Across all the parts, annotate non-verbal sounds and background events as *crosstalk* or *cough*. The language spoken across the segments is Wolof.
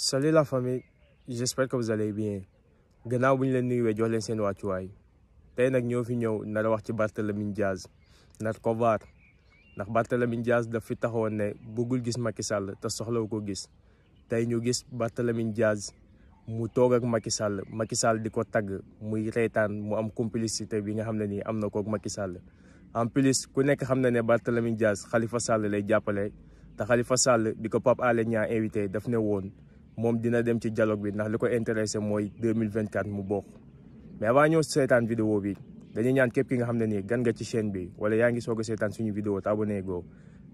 salut la famille j'espère que vous allez bien gannaaw bu ñu leen nuyuwee jox leen seen wàccuwaay tey nag ñoo fi ñëw nar wax ci Barthélémy Diaz nar ko vaar ndax Barthélémy Diaz daf fi taxawoon ne bëggul gis Macky Sall te soxlawu ko gis tey ñu gis Barthélémy Diaz mu toog ak Macky Sall Macky Sall di ko tagg muy reetaan mu am complicité bi nga xam ne nii am na koog Macky Sall en plus ku nekk xam ne ne Barthélémy Diaz Khalifa Sall lay jàppale te xalifa Sall bi ko Pape Alé Niang daf ne woon mom dina dem ci dialogue bi ndax liko ko moy 2024 mu bok mais avant ñu sétane vidéo bi dañu ñaan képp ki nga xamné ni gan nga ci chaîne bi wala yaa ngi soog a seetaan suñu vidéo te abonné goo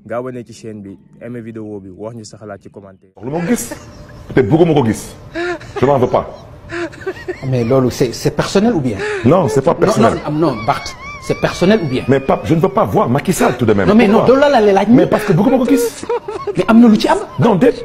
nga abonné ci chaîne bi aimé vidéo bi wax ñu saxalat ci commentaire. luma ma gis te bëgguma ko gis je m'en veux pas. mais lolu c'est c'est personnel ou bien. non c'est pas personnel non non non Barth c'est personnel ou bien. mais pap je ne veux pas voir Macky Sall tout de même. non mais non doon la la laaj. mais parce que bëgguma ko gis. mais am na lu ci am. non déet.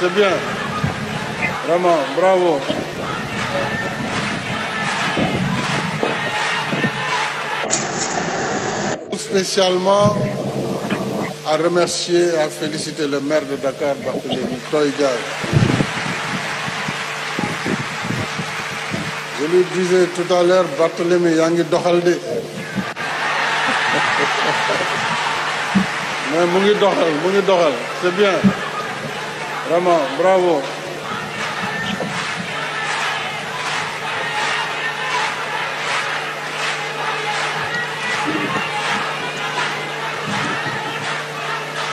c'est bien vraiment bravo. Tout spécialement à remercier et à féliciter le maire de Dakar, Barthélémy Toïga. Je lui disais tout à l'heure, Barthélémy Yangi Dohalde. *laughs* c'est bien vraiment bravo.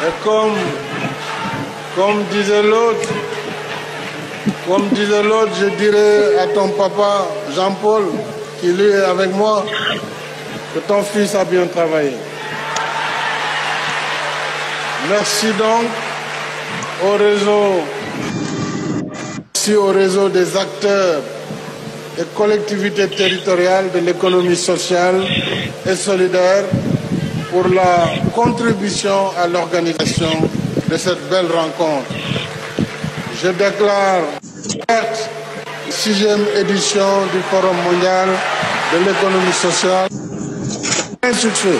Et comme, comme disait l'autre, comme disait l'autre, je dirais à ton papa Jean-Paul, qui lui est avec moi, que ton fils a bien travaillé. Merci donc au réseau, merci au réseau des acteurs et collectivités territoriales de l'économie sociale et solidaire pour la contribution à l'organisation de cette belle rencontre. Je déclare ouverte la sixième édition du Forum mondial de l'économie sociale. Un succès.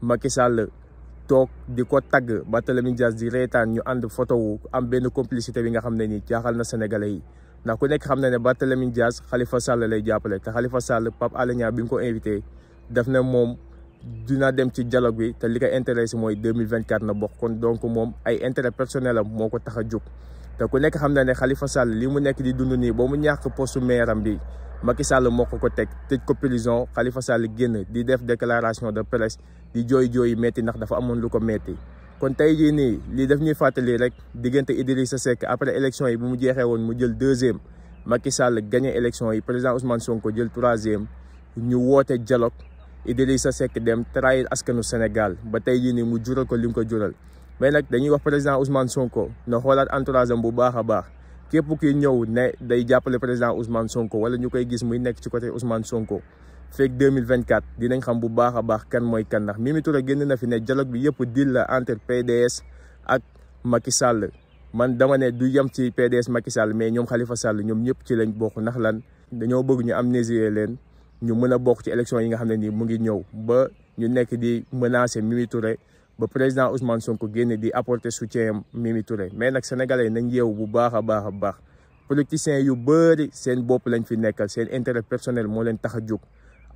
Macky Sall toog di ko tagg Barthélémy Dias di reetaan ñu ànd photo am benn complicité bi nga xam ne nii jaaxal na sénégalais yi ndax ku nekk xam ne ne Barthélémy Dias xalifa Sall lay jàppale te xalifa Sall pap Alé bi nga ko invité daf na moom dina dem ci dialogue bi te li ko intéressé mooy 2024 na bokk kon donc moom ay intérêt personnel am moo ko tax a jóg te ku nekk xam na Khalifa Sall li mu di dund mu Khalifa Sall di def déclaration de presse di joy joy metti nak dafa amone lu ko metti kon tay ji ni li daf ñuy rek Idrissa Seck après l'élection, yi bu mu mu jël deuxième Macky Sall gagné président Ousmane Sonko jël troisième ñu woté dialogue Idrissa Seck dem trahir askanu Sénégal ba tay ji ni mu ko mais nag dañuy wax président Ousmane Sonko na xoolaat entourage bu baax a baax képp kuy ñëw ne day jàppale président Ousmane Sonko wala ñu koy gis muy nekk ci côté Ousmane Sonko feeg 2024 dinañ xam bu baax a baax kan mooy kan ndax Mimi Touré génn na fi ne dialogue bi yëpp deal la entre PDS ak Macky Sall man dama ne du yem ci PDS Macky Sall mais ñoom Khalifa Sall ñoom ñëpp ci lañ bokk nax lan dañoo bëgg ñu amnésier leen ñu mën a bokk ci élection yi nga xam ne nii mu ngi ñëw ba ñu nekk di menacer Mimi Touré ba président Ousmane Sonko génne di apporter soutien Mimi Touré mais nag sénégalais yi nañ bu baax a baax a baax politiciens yu bëri seen bopp lañ fi nekkal seen intérêt personnel moo leen tax a jóg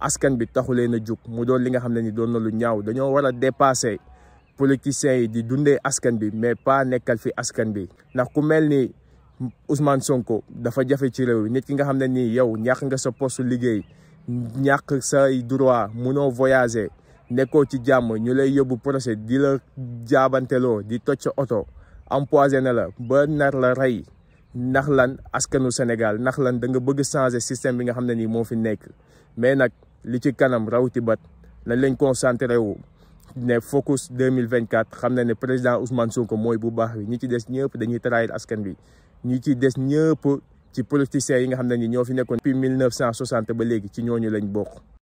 askan bi taxu leen a jóg mu doon li nga xam ne ni doon na lu ñaaw dañoo war a dépasser politiciens yi di dundee askan bi mais pas nekkal fi askan bi ndax ku mel ni Ousmane Sonko dafa jafe ci réew mi nit ki nga xam ne ni yow ñàkk nga sa poste liggéey ñàkk say droit munoo voyager. nekkoo ci jàmm ñu lay yóbbu procès di la jaabanteloo di toj sa oto empoisonné la ba nar la rey ndax lan askanu Sénégal nax lan da nga bëgg changer système bi nga xam ne nii moo fi nekk mais nag li ci kanam rawti bat lañ lañ concentré wu ne focus 2024 xam na ne président Ousmane Sonko mooy bu baax bi ñi ci des ñëpp dañuy trahir askan bi ñi ci des ñëpp ci politiciens yi nga xam ne ni ñoo fi nekkoon depuis 1960 ba léegi ci ñooñu lañ bokk